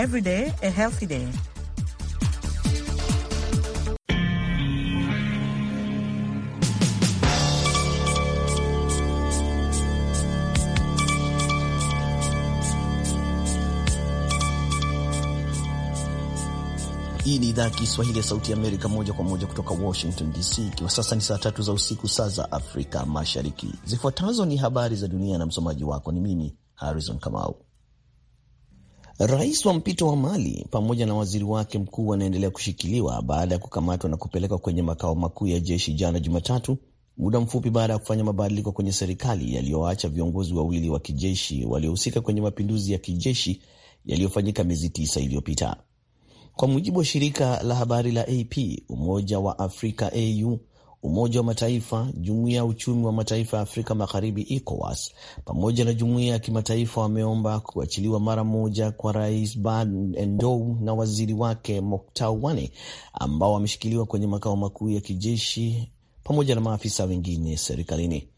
Every day, a healthy day. Hii ni idhaa ya Kiswahili ya Sauti ya Amerika, moja kwa moja kutoka Washington DC, ikiwa sasa ni saa tatu za usiku, saa za Afrika Mashariki. Zifuatazo ni habari za dunia, na msomaji wako ni mimi Harrison Kamau. Rais wa mpito wa Mali pamoja na waziri wake mkuu wanaendelea kushikiliwa baada ya kukamatwa na kupelekwa kwenye makao makuu ya jeshi jana Jumatatu, muda mfupi baada ya kufanya mabadiliko kwenye serikali yaliyoacha viongozi wawili wa kijeshi waliohusika kwenye mapinduzi ya kijeshi yaliyofanyika miezi tisa iliyopita, kwa mujibu wa shirika la habari la AP. Umoja wa Afrika au Umoja wa Mataifa, Jumuiya ya Uchumi wa Mataifa ya Afrika Magharibi ECOWAS pamoja na jumuiya ya kimataifa wameomba kuachiliwa mara moja kwa Rais Ban Endou na waziri wake Moktar Wane ambao wameshikiliwa kwenye makao makuu ya kijeshi pamoja na maafisa wengine serikalini.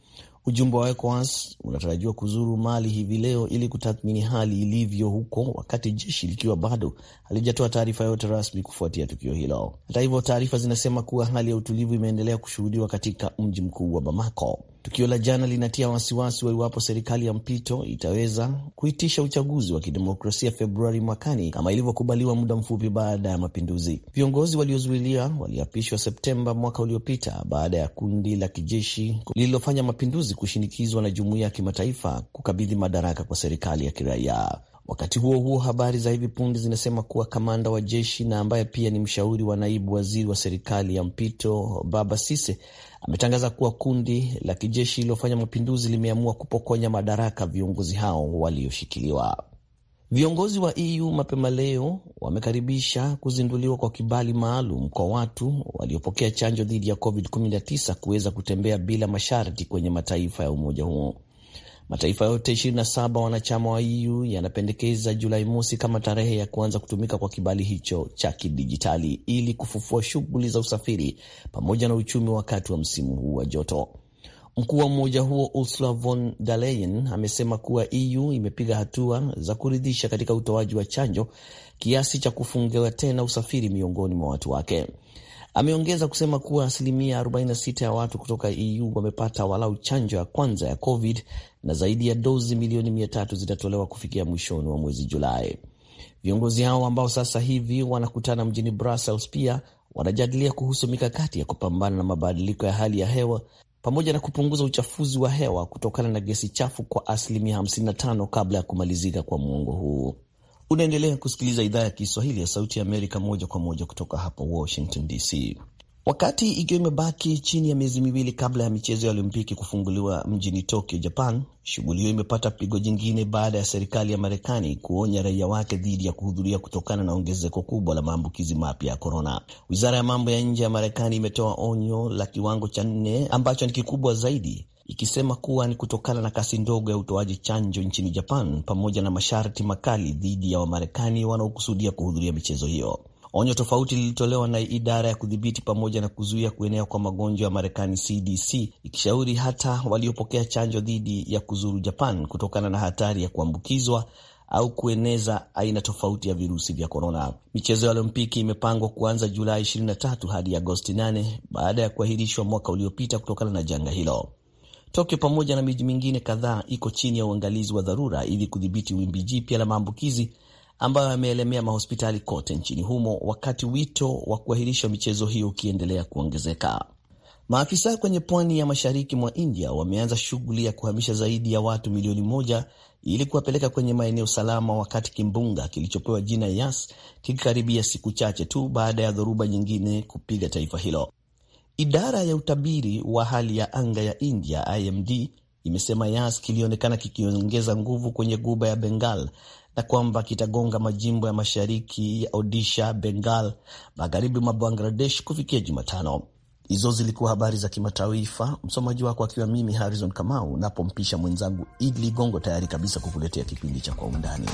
Ujumbe wa ECOWAS unatarajiwa kuzuru Mali hivi leo ili kutathmini hali ilivyo huko, wakati jeshi likiwa bado halijatoa taarifa yote rasmi kufuatia tukio hilo. Hata hivyo, taarifa zinasema kuwa hali ya utulivu imeendelea kushuhudiwa katika mji mkuu wa Bamako. Tukio la jana linatia wasiwasi wa iwapo serikali ya mpito itaweza kuitisha uchaguzi wa kidemokrasia Februari mwakani kama ilivyokubaliwa muda mfupi baada ya mapinduzi. Viongozi waliozuiliwa waliapishwa Septemba mwaka uliopita baada ya kundi la kijeshi lililofanya mapinduzi kushinikizwa na jumuiya ya kimataifa kukabidhi madaraka kwa serikali ya kiraia. Wakati huo huo, habari za hivi punde zinasema kuwa kamanda wa jeshi na ambaye pia ni mshauri wa naibu waziri wa serikali ya mpito Baba Sise ametangaza kuwa kundi la kijeshi lililofanya mapinduzi limeamua kupokonya madaraka viongozi hao walioshikiliwa. Viongozi wa EU mapema leo wamekaribisha kuzinduliwa kwa kibali maalum kwa watu waliopokea chanjo dhidi ya COVID-19 kuweza kutembea bila masharti kwenye mataifa ya umoja huo. Mataifa yote 27 wanachama wa EU yanapendekeza Julai mosi kama tarehe ya kuanza kutumika kwa kibali hicho cha kidijitali ili kufufua shughuli za usafiri pamoja na uchumi wakati wa msimu huu wa joto. Mkuu wa umoja huo Ursula von der Leyen amesema kuwa EU imepiga hatua za kuridhisha katika utoaji wa chanjo kiasi cha kufungiwa tena usafiri miongoni mwa watu wake. Ameongeza kusema kuwa asilimia 46 ya watu kutoka EU wamepata walau chanjo ya kwanza ya COVID na zaidi ya dozi milioni mia tatu zitatolewa kufikia mwishoni wa mwezi Julai. Viongozi hao ambao sasa hivi wanakutana mjini Brussels pia wanajadilia kuhusu mikakati ya kupambana na mabadiliko ya hali ya hewa pamoja na kupunguza uchafuzi wa hewa kutokana na gesi chafu kwa asilimia 55 kabla ya kumalizika kwa muongo huu. Unaendelea kusikiliza idhaa ya Kiswahili ya Sauti ya Amerika moja kwa moja kutoka hapa Washington DC. Wakati ikiwa imebaki chini ya miezi miwili kabla ya michezo ya Olimpiki kufunguliwa mjini Tokyo, Japan, shughuli hiyo imepata pigo jingine baada ya serikali ya Marekani kuonya raia wake dhidi ya kuhudhuria kutokana na ongezeko kubwa la maambukizi mapya ya korona. Wizara ya mambo ya nje ya Marekani imetoa onyo la kiwango cha nne ambacho ni kikubwa zaidi, ikisema kuwa ni kutokana na kasi ndogo ya utoaji chanjo nchini Japan pamoja na masharti makali dhidi ya Wamarekani wanaokusudia kuhudhuria michezo hiyo. Onyo tofauti lilitolewa na idara ya kudhibiti pamoja na kuzuia kuenea kwa magonjwa ya Marekani, CDC, ikishauri hata waliopokea chanjo dhidi ya kuzuru Japan kutokana na hatari ya kuambukizwa au kueneza aina tofauti ya virusi vya korona. Michezo ya Olimpiki imepangwa kuanza Julai 23 hadi Agosti 8 baada ya kuahirishwa mwaka uliopita kutokana na janga hilo. Tokyo pamoja na miji mingine kadhaa iko chini ya uangalizi wa dharura ili kudhibiti wimbi jipya la maambukizi ambayo yameelemea mahospitali kote nchini humo, wakati wito wa kuahirisha michezo hiyo ukiendelea kuongezeka. Maafisa kwenye pwani ya mashariki mwa India wameanza shughuli ya kuhamisha zaidi ya watu milioni moja ili kuwapeleka kwenye maeneo salama, wakati kimbunga kilichopewa jina Yas kikikaribia siku chache tu baada ya dhoruba nyingine kupiga taifa hilo. Idara ya utabiri wa hali ya anga ya India IMD imesema Yas kilionekana kikiongeza nguvu kwenye guba ya Bengal na kwamba kitagonga majimbo ya mashariki ya Odisha, Bengal, magharibi mwa Bangladesh kufikia Jumatano. Hizo zilikuwa habari za kimataifa, msomaji wako akiwa mimi Harrison Kamau, napompisha mwenzangu Idli Gongo, tayari kabisa kukuletea kipindi cha Kwa Undani.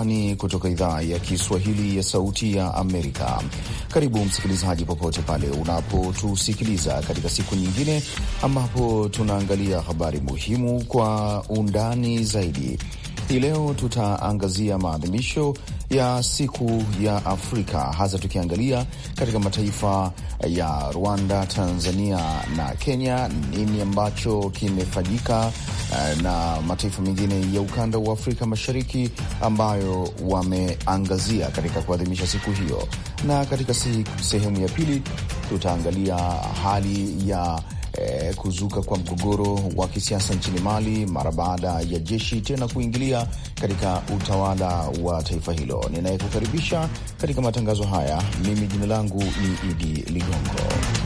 Undani kutoka idhaa ya Kiswahili ya Sauti ya Amerika. Karibu msikilizaji, popote pale unapotusikiliza katika siku nyingine ambapo tunaangalia habari muhimu kwa undani zaidi. Hii leo tutaangazia maadhimisho ya siku ya Afrika, hasa tukiangalia katika mataifa ya Rwanda, Tanzania na Kenya, nini ambacho kimefanyika Eh, na mataifa mengine ya ukanda wa Afrika Mashariki ambayo wameangazia katika kuadhimisha siku hiyo. Na katika sehemu ya pili tutaangalia hali ya eh, kuzuka kwa mgogoro wa kisiasa nchini Mali mara baada ya jeshi tena kuingilia katika utawala wa taifa hilo. Ninayekukaribisha katika matangazo haya mimi, jina langu ni Idi Ligongo.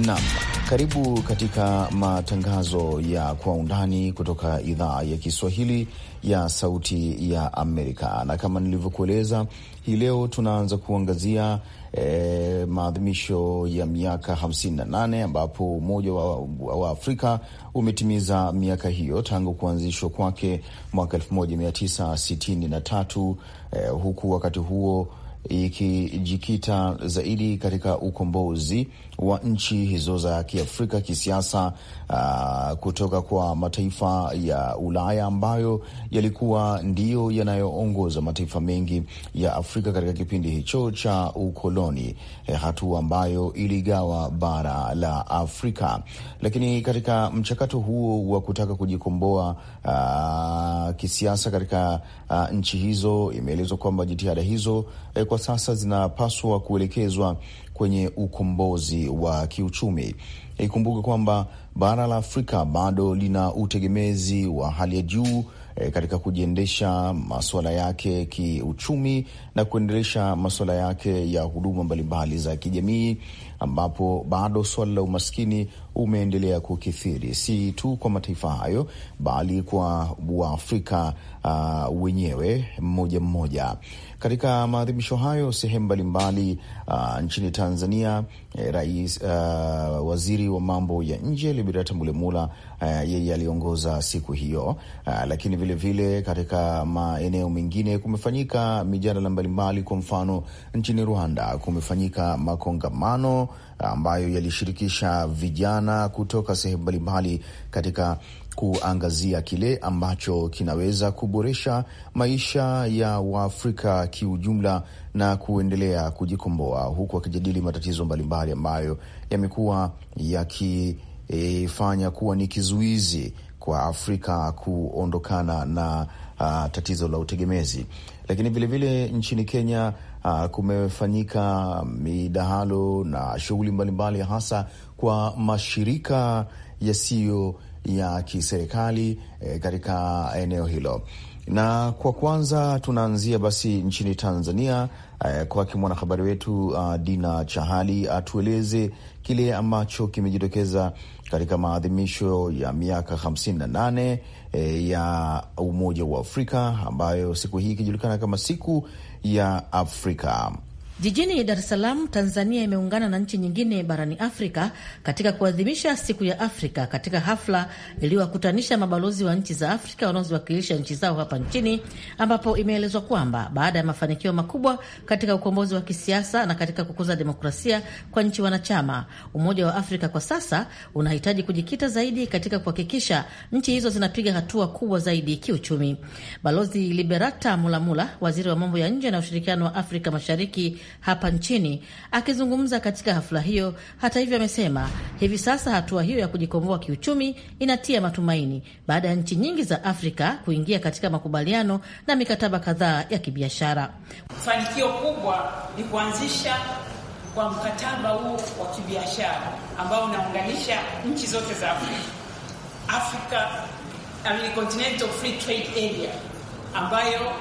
Naam, karibu katika matangazo ya kwa undani kutoka idhaa ya Kiswahili ya Sauti ya Amerika, na kama nilivyokueleza, hii leo tunaanza kuangazia e, maadhimisho ya miaka 58 ambapo Umoja wa, wa Afrika umetimiza miaka hiyo tangu kuanzishwa kwake mwaka 1963 e, eh, huku wakati huo ikijikita zaidi katika ukombozi wa nchi hizo za Kiafrika kisiasa, uh, kutoka kwa mataifa ya Ulaya ambayo yalikuwa ndiyo yanayoongoza mataifa mengi ya Afrika katika kipindi hicho cha ukoloni, eh, hatua ambayo iligawa bara la Afrika. Lakini katika mchakato huo wa kutaka kujikomboa uh, kisiasa katika uh, nchi hizo, imeelezwa kwamba jitihada hizo eh, kwa kwa sasa zinapaswa kuelekezwa kwenye ukombozi wa kiuchumi. Ikumbuke kwamba bara la Afrika bado lina utegemezi wa hali ya juu e, katika kujiendesha masuala yake kiuchumi na kuendelesha masuala yake ya huduma mbalimbali za kijamii ambapo bado suala la umaskini umeendelea kukithiri si tu kwa mataifa hayo bali kwa Waafrika uh, ah, wenyewe mmoja mmoja. Katika maadhimisho hayo sehemu mbalimbali uh, nchini Tanzania eh, rais uh, waziri wa mambo ya nje Liberata Mulemula uh, eh, yeye aliongoza siku hiyo uh, lakini vilevile vile katika maeneo mengine kumefanyika mijadala mbalimbali. Kwa mfano nchini Rwanda kumefanyika makongamano ambayo yalishirikisha vijana kutoka sehemu mbalimbali katika kuangazia kile ambacho kinaweza kuboresha maisha ya Waafrika kiujumla na kuendelea kujikomboa, huku wakijadili matatizo mbalimbali ambayo yamekuwa yakifanya e, kuwa ni kizuizi kwa Afrika kuondokana na a, ah, tatizo la utegemezi. Lakini vilevile nchini Kenya uh, kumefanyika midahalo na shughuli mbalimbali, hasa kwa mashirika yasiyo ya kiserikali eh, katika eneo hilo. Na kwa kwanza tunaanzia basi nchini Tanzania eh, kwake mwanahabari wetu uh, Dina Chahali atueleze kile ambacho kimejitokeza katika maadhimisho ya miaka 58 e, eh, ya Umoja wa Afrika ambayo siku hii ikijulikana kama siku ya Afrika. Jijini Dar es Salaam, Tanzania imeungana na nchi nyingine barani Afrika katika kuadhimisha siku ya Afrika katika hafla iliyowakutanisha mabalozi wa nchi za Afrika wanaoziwakilisha nchi zao hapa nchini, ambapo imeelezwa kwamba baada ya mafanikio makubwa katika ukombozi wa kisiasa na katika kukuza demokrasia kwa nchi wanachama, Umoja wa Afrika kwa sasa unahitaji kujikita zaidi katika kuhakikisha nchi hizo zinapiga hatua kubwa zaidi kiuchumi. Balozi Liberata Mulamula, waziri wa mambo ya nje na ushirikiano wa Afrika Mashariki hapa nchini. Akizungumza katika hafla hiyo, hata hivyo, amesema hivi sasa hatua hiyo ya kujikomboa kiuchumi inatia matumaini baada ya nchi nyingi za Afrika kuingia katika makubaliano na mikataba kadhaa ya kibiashara. Fanikio kubwa ni kuanzisha kwa mkataba huo wa kibiashara ambao unaunganisha nchi zote za Afrika, Africa Continental Free Trade Area ambayo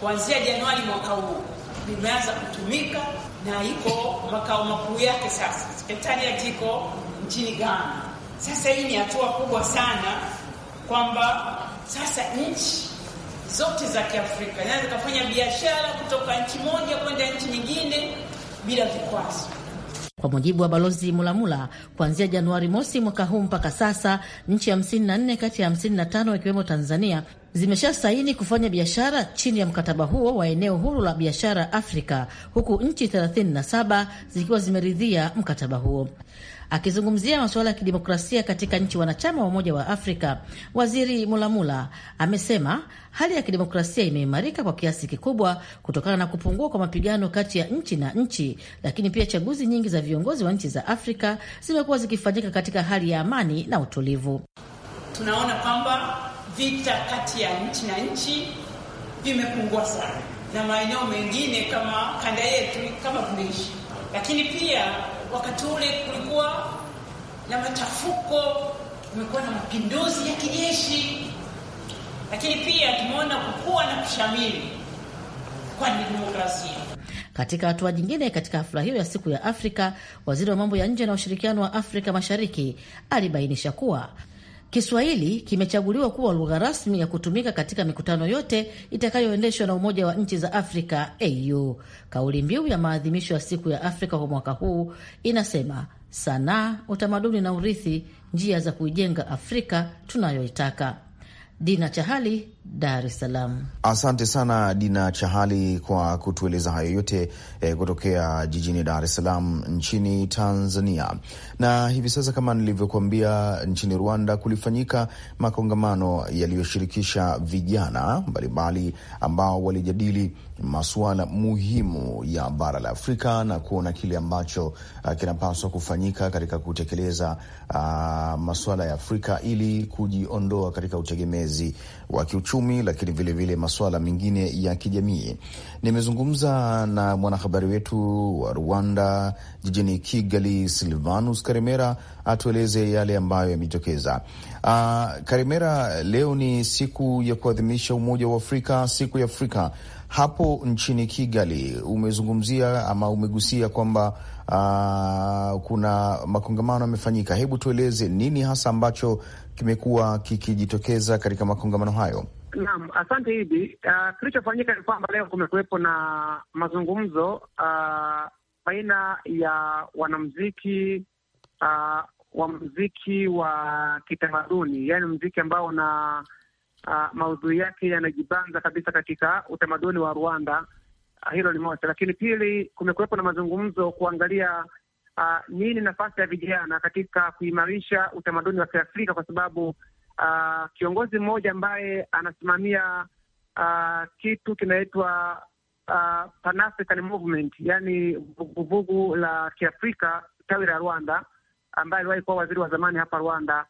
kuanzia Januari mwaka huu limeanza kutumika na iko makao makuu yake sasa, sekretariat iko nchini Ghana. Sasa hii ni hatua kubwa sana kwamba sasa nchi zote za Kiafrika zinaweza kufanya biashara kutoka nchi moja kwenda nchi nyingine bila vikwazo. Kwa mujibu wa balozi Mulamula, kuanzia Januari mosi mwaka huu mpaka sasa nchi 54 kati ya 55 ikiwemo Tanzania zimesha saini kufanya biashara chini ya mkataba huo wa eneo huru la biashara Afrika, huku nchi 37 zikiwa zimeridhia mkataba huo. Akizungumzia masuala ya kidemokrasia katika nchi wanachama wa Umoja wa Afrika, Waziri Mulamula amesema hali ya kidemokrasia imeimarika kwa kiasi kikubwa kutokana na kupungua kwa mapigano kati ya nchi na nchi, lakini pia chaguzi nyingi za viongozi wa nchi za Afrika zimekuwa zikifanyika katika hali ya amani na utulivu. Tunaona kwamba vita kati ya nchi na nchi vimepungua sana, na maeneo mengine kama kanda yetu kama vimeishi lakini pia wakati ule kulikuwa na machafuko, kumekuwa na mapinduzi ya kijeshi, lakini pia tumeona kukua na kushamiri kwa demokrasia. Katika hatua nyingine, katika hafla hiyo ya siku ya Afrika, waziri wa mambo ya nje na ushirikiano wa Afrika Mashariki alibainisha kuwa Kiswahili kimechaguliwa kuwa lugha rasmi ya kutumika katika mikutano yote itakayoendeshwa na Umoja wa Nchi za Afrika au kauli mbiu ya maadhimisho ya siku ya Afrika kwa mwaka huu inasema sanaa, utamaduni na urithi, njia za kuijenga Afrika tunayoitaka. Dina Chahali, Dar es Salaam. Asante sana Dina Chahali kwa kutueleza hayo yote e, kutokea jijini Dar es Salaam nchini Tanzania. Na hivi sasa kama nilivyokuambia, nchini Rwanda kulifanyika makongamano yaliyoshirikisha vijana mbalimbali ambao walijadili masuala muhimu ya bara la Afrika na kuona kile ambacho uh, kinapaswa kufanyika katika kutekeleza uh, masuala ya Afrika ili kujiondoa katika utegemezi wa kiuchumi, lakini vilevile masuala mengine ya kijamii. Nimezungumza na mwanahabari wetu wa Rwanda jijini Kigali, Silvanus Karimera, atueleze yale ambayo yamejitokeza. Uh, Karimera, leo ni siku ya kuadhimisha Umoja wa Afrika, siku ya Afrika hapo nchini Kigali umezungumzia ama umegusia kwamba uh, kuna makongamano yamefanyika. Hebu tueleze nini hasa ambacho kimekuwa kikijitokeza katika makongamano hayo? Naam, asante Idi. Uh, ah, kilichofanyika ni kwamba leo kumekuwepo na mazungumzo uh, baina ya wanamziki uh, wa mziki wa kitamaduni, yaani mziki ambao una uh, maudhui yake yanajibanza kabisa katika utamaduni wa Rwanda. Uh, hilo ni moja, lakini pili, kumekuwepo na mazungumzo kuangalia uh, nini nafasi ya vijana katika kuimarisha utamaduni wa Kiafrika kwa sababu uh, kiongozi mmoja ambaye anasimamia uh, kitu kinaitwa uh, Pan-African Movement, yani vuguvugu la Kiafrika tawi la Rwanda ambaye aliwahi kuwa waziri wa zamani hapa Rwanda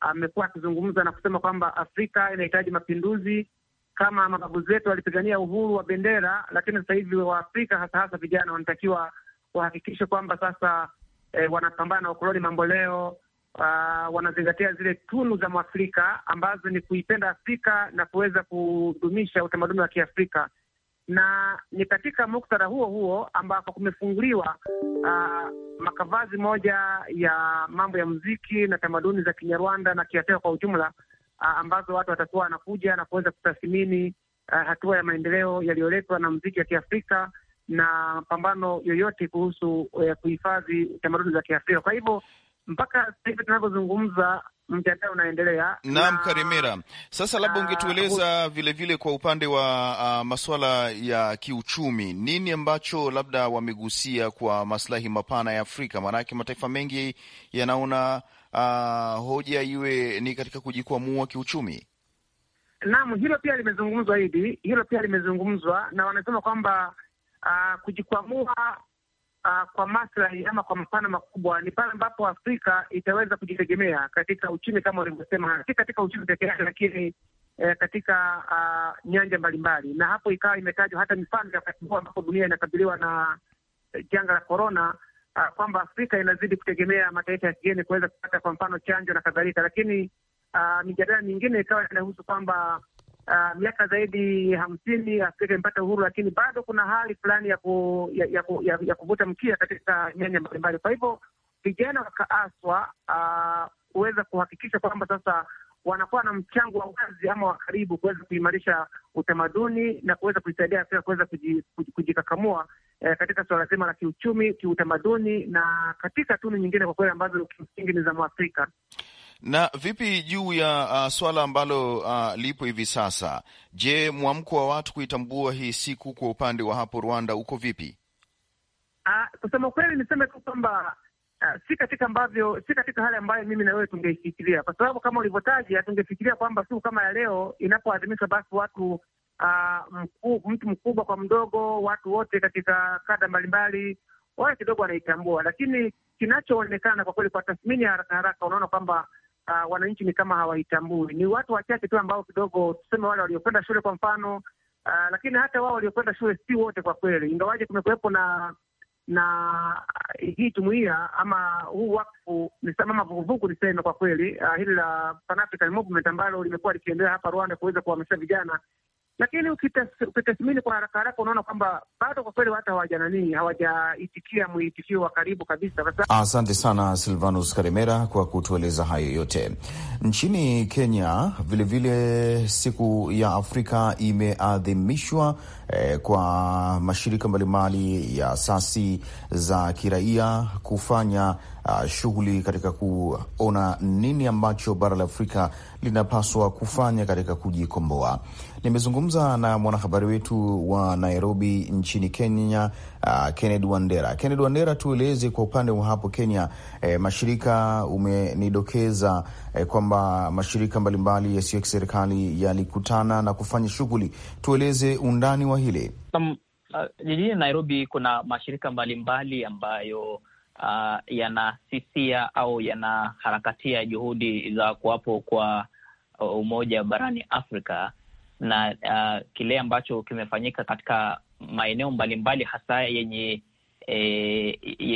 amekuwa akizungumza na kusema kwamba Afrika inahitaji mapinduzi kama mababu zetu walipigania uhuru wa bendera, lakini sasa hivi Waafrika hasa hasa vijana wanatakiwa wahakikishe kwamba sasa e, wanapambana na ukoloni mambo leo. Uh, wanazingatia zile tunu za Mwafrika ambazo ni kuipenda Afrika na kuweza kudumisha utamaduni wa Kiafrika na ni katika muktadha huo huo ambapo kumefunguliwa uh, makavazi moja ya mambo ya muziki na tamaduni za Kinyarwanda na Kiafrika kwa ujumla uh, ambazo watu watakuwa wanakuja na kuweza kutathmini uh, hatua ya maendeleo yaliyoletwa na muziki wa Kiafrika na pambano yoyote kuhusu uh, kuhifadhi tamaduni za Kiafrika. Kwa hivyo mpaka sasa hivi tunavyozungumza mtandao unaendelea. Naam, Karimera, sasa labda ungetueleza vilevile kwa upande wa uh, masuala ya kiuchumi, nini ambacho labda wamegusia kwa maslahi mapana ya Afrika? Maanake mataifa mengi yanaona uh, hoja iwe ni katika kujikwamua kiuchumi. Naam, hilo pia limezungumzwa, hili hilo pia limezungumzwa na wanasema kwamba uh, kujikwamua uh, kwa maslahi ama kwa mapana makubwa ni pale ambapo Afrika itaweza kujitegemea katika uchumi kama ulivyosema, si katika uchumi peke yake, lakini eh, katika uh, nyanja mbalimbali, na hapo ikawa imetajwa hata mifano ya wakati huu ambapo dunia inakabiliwa na eh, janga la korona uh, kwamba Afrika inazidi kutegemea mataifa ya kigeni kuweza kupata kwa mfano chanjo na kadhalika, lakini uh, mijadala mingine ikawa inahusu kwamba uh, miaka zaidi hamsini Afrika imepata uhuru, lakini bado kuna hali fulani ya, ku, ya, ya, ya, ya kuvuta mkia katika nyanja mbalimbali. Kwa hivyo vijana wakaaswa kuweza uh, kuhakikisha kwamba sasa wanakuwa na mchango wa wazi ama wa karibu kuweza kuimarisha utamaduni na kuweza kuisaidia Afrika kuweza kujikakamua eh, katika suala zima la kiuchumi, kiutamaduni na katika tunu nyingine kwa kweli ambazo kimsingi ni za Mwafrika. Na vipi juu ya uh, swala ambalo uh, lipo hivi sasa? Je, mwamko wa watu kuitambua hii siku kwa upande wa hapo Rwanda uko vipi? Uh, kusema kweli niseme tu kwamba uh, si katika ambavyo si katika hali ambayo mimi na wewe tungeifikiria, kwa sababu kama ulivyotaja, tungefikiria kwamba siku kama ya leo inapoadhimishwa, basi watu uh, mku, mtu mkubwa kwa mdogo, watu wote katika kada mbalimbali wawe kidogo wanaitambua, lakini kinachoonekana kwa kweli, kwa tathmini ya haraka haraka, unaona kwamba uh, wananchi ni kama hawaitambui. Ni watu wachache tu ambao kidogo tuseme wale waliokwenda shule kwa mfano uh, lakini hata wao waliokwenda shule si wote kwa kweli, ingawaje kumekuwepo na na hii jumuia ama huu wakfu nisamama vuguvugu niseme kwa kweli, uh, hili la Pan African Movement ambalo limekuwa likiendelea hapa Rwanda kuweza kuhamisha vijana lakini ukitathmini kwa haraka haraka unaona kwamba bado kwa kweli hata hawajananii hawajaitikia mwitikio wa karibu kabisa. Asante sana Silvanus Karimera kwa kutueleza hayo yote. Nchini Kenya vilevile vile siku ya Afrika imeadhimishwa eh, kwa mashirika mbalimbali ya asasi za kiraia kufanya uh, shughuli katika kuona nini ambacho bara la Afrika linapaswa kufanya katika kujikomboa. Nimezungumza na mwanahabari wetu wa Nairobi nchini Kenya uh, Kennedy Wandera. Kennedy Wandera, tueleze kwa upande wa hapo Kenya, eh, mashirika umenidokeza eh, kwamba mashirika mbalimbali yasiyo ya kiserikali yalikutana na kufanya shughuli. Tueleze undani wa hili. Um, uh, jijini Nairobi kuna mashirika mbalimbali mbali ambayo Uh, yanasisia au yanaharakatia juhudi za kuwapo kwa umoja barani Afrika na uh, kile ambacho kimefanyika katika maeneo mbalimbali hasa yenye e,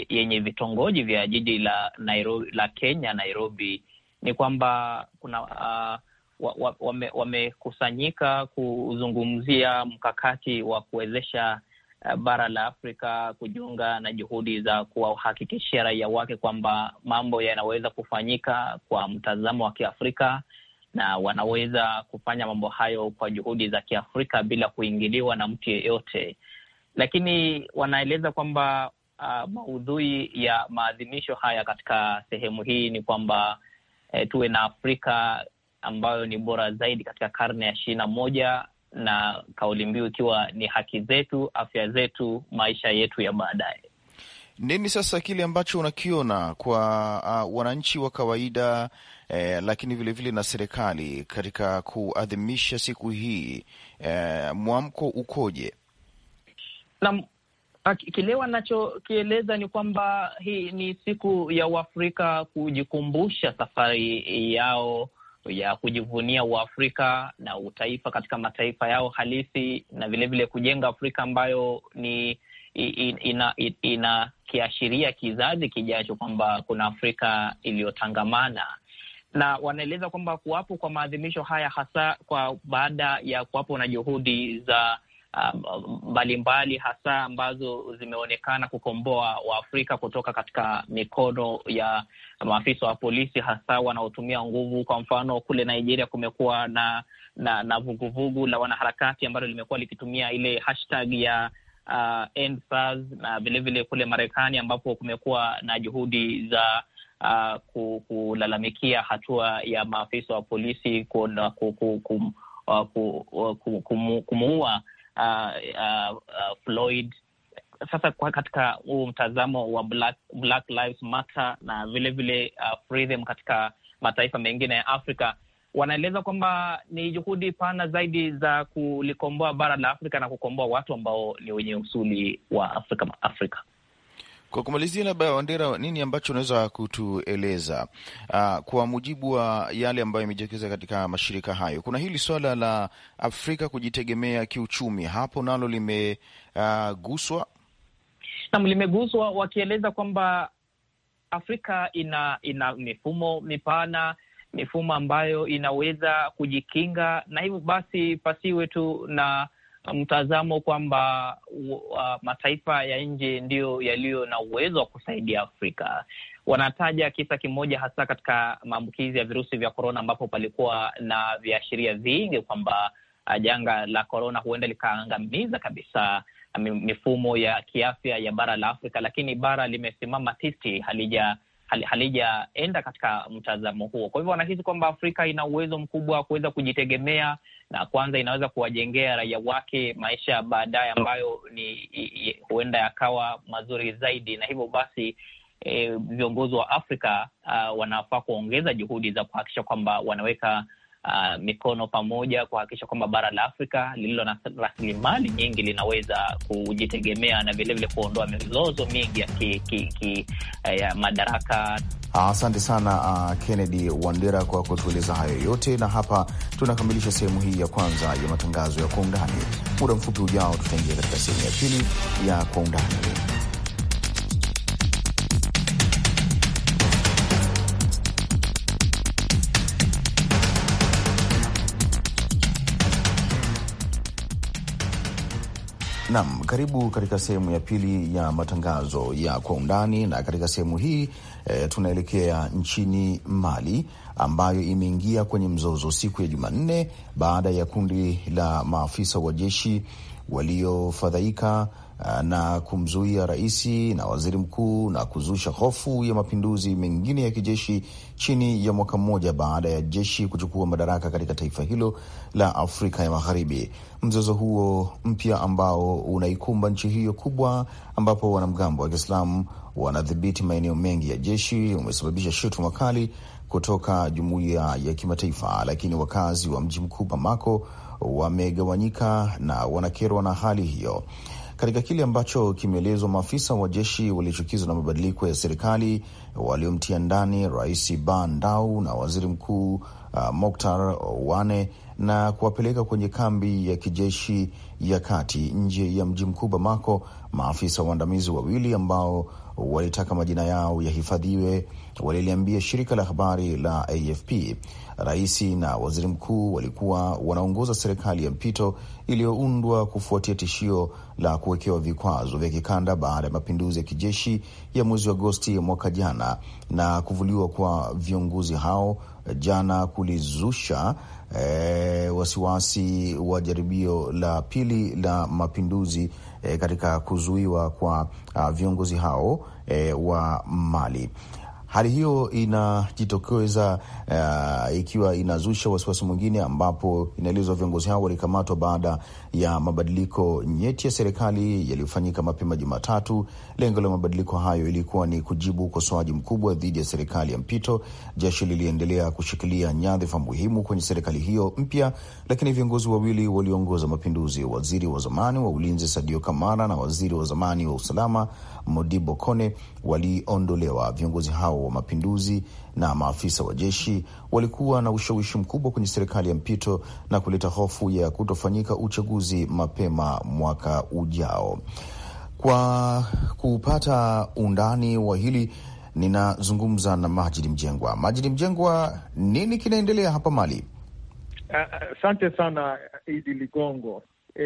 yenye vitongoji vya jiji la Nairobi, la Kenya Nairobi, ni kwamba kuna uh, wamekusanyika wa kuzungumzia mkakati wa kuwezesha bara la Afrika kujiunga na juhudi za kuwahakikishia raia wake kwamba mambo yanaweza kufanyika kwa mtazamo wa Kiafrika na wanaweza kufanya mambo hayo kwa juhudi za Kiafrika bila kuingiliwa na mtu yeyote, lakini wanaeleza kwamba uh, maudhui ya maadhimisho haya katika sehemu hii ni kwamba eh, tuwe na Afrika ambayo ni bora zaidi katika karne ya ishirini na moja na kauli mbiu ikiwa ni haki zetu, afya zetu, maisha yetu ya baadaye. Nini sasa kile ambacho unakiona kwa uh, wananchi wa kawaida eh, lakini vilevile vile na serikali katika kuadhimisha siku hii eh, mwamko ukoje? Naam, kile wanachokieleza ni kwamba hii ni siku ya Uafrika kujikumbusha safari yao ya kujivunia Uafrika na utaifa katika mataifa yao halisi na vilevile vile kujenga Afrika ambayo ni ina, ina, ina kiashiria kizazi kijacho kwamba kuna Afrika iliyotangamana na wanaeleza kwamba kuwapo kwa maadhimisho haya hasa kwa baada ya kuwapo na juhudi za um, mbalimbali um, mbali hasa ambazo zimeonekana kukomboa Waafrika kutoka katika mikono ya maafisa wa polisi hasa wanaotumia nguvu. Kwa mfano kule Nigeria kumekuwa na na vuguvugu la wanaharakati ambalo limekuwa likitumia ile hashtag ya uh, NSAS na uh, vilevile kule Marekani ambapo kumekuwa na juhudi za uh, kulalamikia hatua ya maafisa wa polisi kumuua kum, uh, kum, uh, kum, kumuua uh, uh, uh, Floyd. Sasa kwa katika huu mtazamo wa Black, Black Lives Matter na vilevile uh, Freedom katika mataifa mengine ya Afrika wanaeleza kwamba ni juhudi pana zaidi za kulikomboa bara la Afrika na kukomboa watu ambao ni wenye usuli wa Afrika Afrika. Kwa kumalizia, labda Wandera, nini ambacho unaweza kutueleza uh, kwa mujibu wa yale ambayo yamejitokeza katika mashirika hayo? Kuna hili swala la Afrika kujitegemea kiuchumi, hapo nalo limeguswa ah, uh, nam limeguswa, wakieleza kwamba Afrika ina ina mifumo mipana mifumo ambayo inaweza kujikinga, na hivyo basi pasiwe tu na mtazamo kwamba uh, mataifa ya nje ndiyo yaliyo na uwezo wa kusaidia Afrika. Wanataja kisa kimoja hasa katika maambukizi ya virusi vya korona, ambapo palikuwa na viashiria vingi kwamba uh, janga la korona huenda likaangamiza kabisa uh, mifumo ya kiafya ya bara la Afrika, lakini bara limesimama tisti halija halijaenda katika mtazamo huo. Kwa hivyo wanahisi kwamba Afrika ina uwezo mkubwa wa kuweza kujitegemea, na kwanza inaweza kuwajengea raia wake maisha ya baadaye ambayo ni huenda yakawa mazuri zaidi, na hivyo basi e, viongozi wa Afrika uh, wanafaa kuongeza juhudi za kuhakikisha kwamba wanaweka uh, mikono pamoja kuhakikisha kwamba bara la Afrika lililo na rasilimali nyingi linaweza kujitegemea na vilevile kuondoa mizozo mingi ya, ki, ki, ki, eh, madaraka. Asante sana uh, Kennedy Wandera kwa kutueleza hayo yote, na hapa tunakamilisha sehemu hii ya kwanza ya matangazo ya kwa undani. Muda mfupi ujao, tutaingia katika sehemu ya pili ya kwa undani. Naam, karibu katika sehemu ya pili ya matangazo ya kwa undani, na katika sehemu hii e, tunaelekea nchini Mali ambayo imeingia kwenye mzozo siku ya Jumanne baada ya kundi la maafisa wa jeshi waliofadhaika Ah, na kumzuia rais na waziri mkuu na kuzusha hofu ya mapinduzi mengine ya kijeshi chini ya mwaka mmoja baada ya jeshi kuchukua madaraka katika taifa hilo la Afrika ya Magharibi. Mzozo huo mpya ambao unaikumba nchi hiyo kubwa, ambapo wanamgambo wa Kiislamu wanadhibiti maeneo mengi ya jeshi, umesababisha shutuma kali kutoka jumuiya ya kimataifa, lakini wakazi wa mji mkuu Bamako wamegawanyika na wanakerwa na hali hiyo katika kile ambacho kimeelezwa maafisa wa jeshi waliochukizwa na mabadiliko ya serikali waliomtia ndani Rais Ban Dau na waziri mkuu uh, Moktar Wane na kuwapeleka kwenye kambi ya kijeshi ya kati nje ya mji mkuu Bamako. Maafisa waandamizi wawili ambao walitaka majina yao yahifadhiwe, waliliambia shirika la habari la AFP. Rais na waziri mkuu walikuwa wanaongoza serikali ya mpito iliyoundwa kufuatia tishio la kuwekewa vikwazo vya kikanda baada ya mapinduzi ya kijeshi ya mwezi Agosti mwaka jana, na kuvuliwa kwa viongozi hao jana kulizusha e, wasiwasi wa jaribio la pili la mapinduzi Eh, katika kuzuiwa kwa ah, viongozi hao eh, wa Mali. Hali hiyo inajitokeza uh, ikiwa inazusha wasiwasi mwingine, ambapo inaelezwa viongozi hao walikamatwa baada ya mabadiliko nyeti ya serikali yaliyofanyika mapema Jumatatu. Lengo la mabadiliko hayo ilikuwa ni kujibu ukosoaji mkubwa dhidi ya serikali ya mpito. Jeshi liliendelea kushikilia nyadhifa muhimu kwenye serikali hiyo mpya, lakini viongozi wawili waliongoza mapinduzi, waziri wa zamani wa ulinzi Sadio Kamara na waziri wa zamani wa usalama Modibo Kone, waliondolewa. Viongozi hao wa mapinduzi na maafisa wa jeshi walikuwa na ushawishi mkubwa kwenye serikali ya mpito na kuleta hofu ya kutofanyika uchaguzi mapema mwaka ujao. Kwa kupata undani wa hili ninazungumza na Majidi Mjengwa. Majidi Mjengwa, nini kinaendelea hapa Mali? Asante uh, sana Idi Ligongo. E,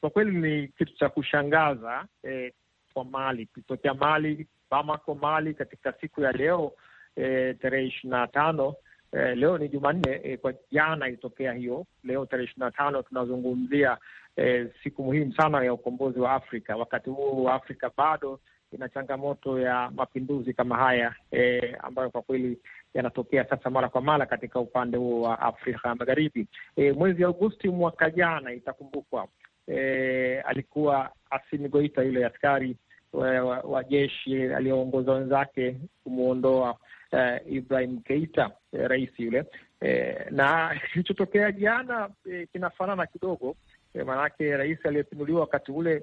kwa kweli ni kitu cha kushangaza e, kwa Mali, kitokea Mali Bamako, Mali, katika siku ya leo e, tarehe ishirini na tano e, leo ni Jumanne e, kwa jana ilitokea hiyo. Leo tarehe ishirini na tano tunazungumzia e, siku muhimu sana ya ukombozi wa Afrika. Wakati huo wa Afrika bado ina changamoto ya mapinduzi kama haya e, ambayo kwa kweli yanatokea sasa mara kwa mara katika upande huo wa Afrika ya Magharibi. E, mwezi Agosti mwaka jana itakumbukwa, e, alikuwa Asimi Goita yule askari wa, wa jeshi aliyoongoza wenzake kumwondoa uh, eh, Ibrahim Keita eh, rais yule eh, na kilichotokea jana eh, kinafanana kidogo eh, maanake rais aliyepinduliwa wakati ule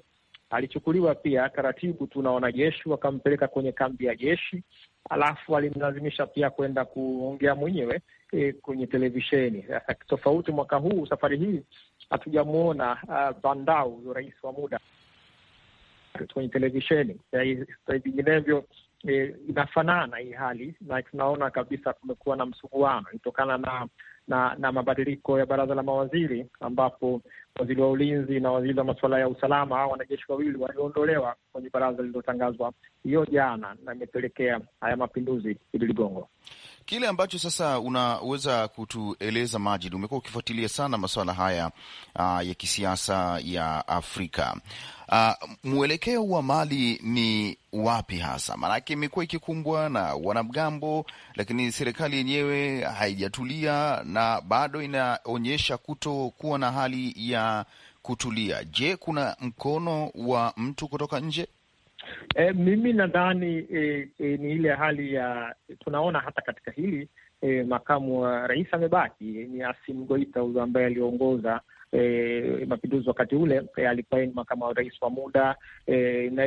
alichukuliwa pia taratibu tu na wanajeshi, wakampeleka kwenye kambi ya jeshi, alafu alimlazimisha pia kwenda kuongea mwenyewe e, kwenye televisheni. Sasa tofauti mwaka huu, safari hii hatujamwona uh, eh, Bandau, rais wa muda kwenye televisheni sasa, vinginevyo eh, inafanana hii hali na tunaona kabisa kumekuwa na msuguano kutokana na na, na mabadiliko ya baraza la mawaziri ambapo waziri wa ulinzi na waziri wa masuala ya usalama, hawa wanajeshi wawili walioondolewa kwenye baraza lililotangazwa hiyo jana, na imepelekea haya mapinduzi. Idi Ligongo, kile ambacho sasa unaweza kutueleza Majid, umekuwa ukifuatilia sana masuala haya uh, ya kisiasa ya Afrika uh, mwelekeo wa Mali ni wapi hasa? Maanake imekuwa ikikumbwa na wanamgambo, lakini serikali yenyewe haijatulia na bado inaonyesha kutokuwa na hali ya kutulia. Je, kuna mkono wa mtu kutoka nje? E, mimi nadhani e, e, ni ile hali ya tunaona hata katika hili e, makamu wa rais amebaki, e, ni Asim Goita huyo ambaye aliongoza E, mapinduzi wakati ule e, alikuwa ni makamu wa rais wa muda e, na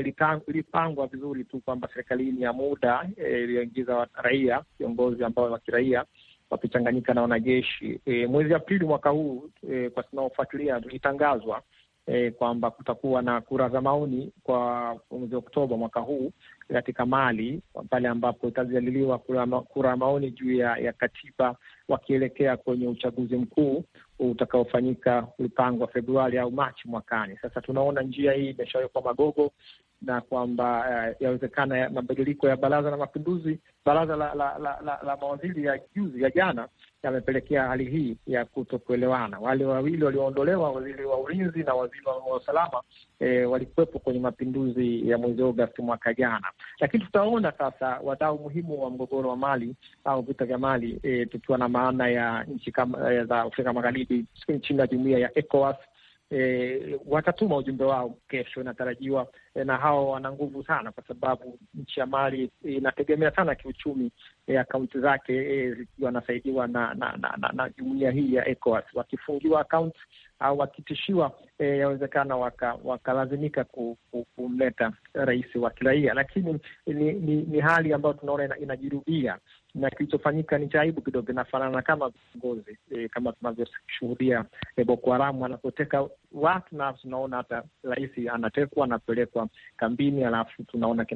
ilipangwa vizuri tu kwamba serikali hii ni ya muda iliyoingiza e, raia viongozi ambao wa kiraia wakichanganyika na wanajeshi e, mwezi Aprili mwaka huu e, kwa tunaofuatilia tulitangazwa e, kwamba kutakuwa na kura za maoni kwa mwezi Oktoba mwaka huu katika Mali pale ambapo itazaliliwa kura, ya kura maoni juu ya, ya katiba wakielekea kwenye uchaguzi mkuu utakaofanyika ulipangwa Februari au Machi mwakani. Sasa tunaona njia hii imeshawekwa magogo na kwamba uh, yawezekana ya mabadiliko ya baraza la mapinduzi, baraza la, la, la, la, la mawaziri ya juzi ya jana yamepelekea hali hii ya kutokuelewana. Wale wawili walioondolewa, waziri wa ulinzi na waziri wa usalama eh, walikuwepo kwenye mapinduzi ya mwezi Agosti mwaka jana, lakini tutaona sasa wadau muhimu wa mgogoro wa Mali au vita vya Mali eh, tukiwa na maana ya nchi kama eh, za Afrika Magharibi chini ya jumuia ya ECOWAS e, eh, watatuma ujumbe wao kesho, inatarajiwa e, na hawa wana nguvu sana, kwa sababu nchi ya Mali inategemea sana kiuchumi eh, akaunti e, zake e, zikiwa nasaidiwa na, na, na, na, na jumuia hii ya ECOWAS. Wakifungiwa akaunti au wakitishiwa, e, yawezekana wakalazimika waka kumleta rais wa kiraia, lakini ni, ni, ni hali ambayo tunaona inajirudia ina na kilichofanyika ni cha aibu kidogo, kinafanana kama viongozi e, kama tunavyoshuhudia e, Boko Haramu wanapoteka watu, na tunaona hata rais anatekwa anapelekwa kambini, alafu tunaona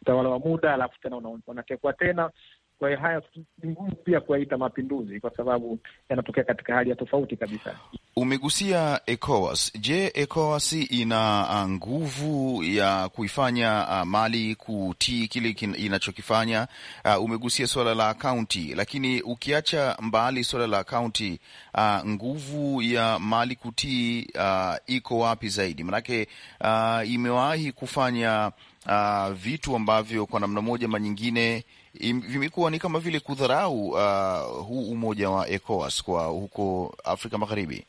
utawala wa muda, alafu tena wanatekwa tena kwa hiyo haya ni ngumu pia kuyaita mapinduzi kwa sababu yanatokea katika hali ya tofauti kabisa. Umegusia ECOWAS. Je, ECOWAS ina ah, nguvu ya kuifanya uh, Mali kutii kile inachokifanya? Uh, umegusia suala la akaunti, lakini ukiacha mbali suala la akaunti, uh, nguvu ya Mali kutii uh, iko wapi zaidi? Manake uh, imewahi kufanya uh, vitu ambavyo kwa namna moja manyingine vimekuwa ni kama vile kudharau uh, huu umoja wa ECOWAS kwa huko Afrika Magharibi?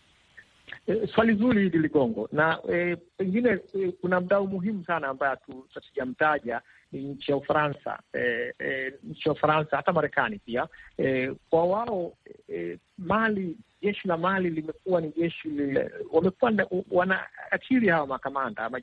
E, swali zuri hili Ligongo, na e, pengine e, kuna mdau muhimu sana ambaye hatujamtaja nchi ya Ufaransa, eh, eh, nchi ya Ufaransa hata Marekani pia eh, kwa wao Mali, jeshi la Mali limekuwa ni jeshi lile, wamekuwa akili hawa makamanda ama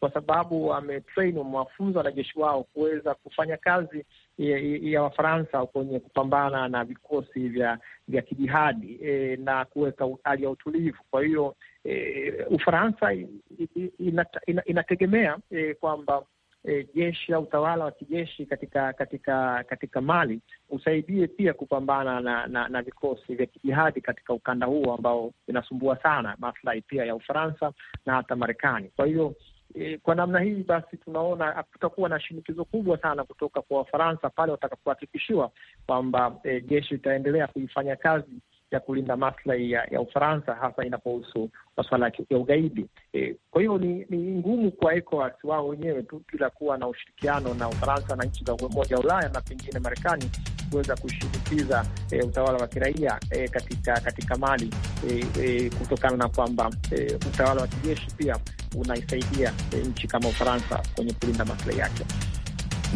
kwa sababu wametrain wamewafunza wanajeshi wao kuweza kufanya kazi ya, ya Wafaransa kwenye kupambana na vikosi vya vya kijihadi e, na kuweka hali ya utulivu. Kwa hiyo e, Ufaransa inategemea ina, ina, ina e, kwamba e, jeshi au utawala wa kijeshi katika katika katika Mali usaidie pia kupambana na na, na vikosi vya kijihadi katika ukanda huo ambao inasumbua sana maslahi pia ya Ufaransa na hata Marekani. Kwa hiyo e, kwa namna hii basi tunaona kutakuwa na shinikizo kubwa sana kutoka kwa Wafaransa pale watakapohakikishiwa kwamba e, jeshi litaendelea kuifanya kazi ya kulinda maslahi ya, ya Ufaransa hasa inapohusu masuala ya ugaidi e. Kwa hiyo ni, ni ngumu kwa ECOWAS wao wenyewe tu bila kuwa na ushirikiano na Ufaransa na nchi za Umoja wa Ulaya na pengine Marekani kuweza kushinikiza e, utawala wa kiraia e, katika katika Mali e, e, kutokana na kwamba e, utawala wa kijeshi pia unaisaidia e, nchi kama Ufaransa kwenye kulinda maslahi yake.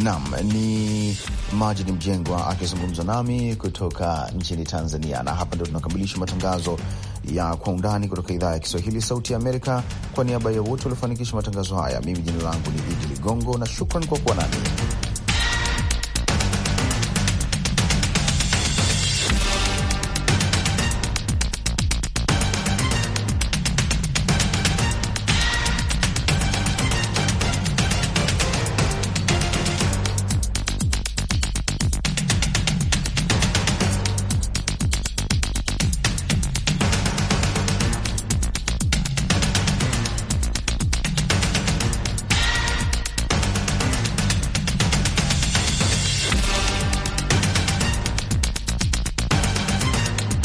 Nam ni Majini Mjengwa akizungumza nami kutoka nchini Tanzania. Na hapa ndo tunakamilisha matangazo ya Kwa Undani kutoka idhaa ya Kiswahili Sauti ya Amerika. Kwa niaba ya wote waliofanikisha matangazo haya, mimi jina langu ni Idi Ligongo na shukran kwa kuwa nami.